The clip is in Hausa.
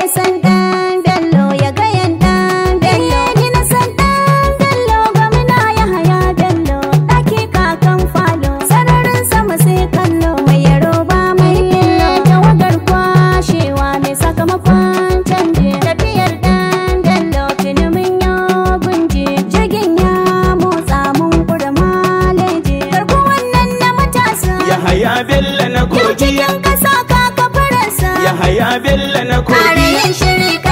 ya san dan ya gayan dan bello eh, ni na san dan gwamna ya haya bello daki kakan falo sararin sama sai kallo mai yaro ba mai illo eh. tawagar kwashewa mai sakamakon canje tafiyar dan bello tuni mun yo ya motsa mun kura maleje karkuwan nan na matasa ya haya bello na kogi cikin kasa bello na kogi. Kare yin shiri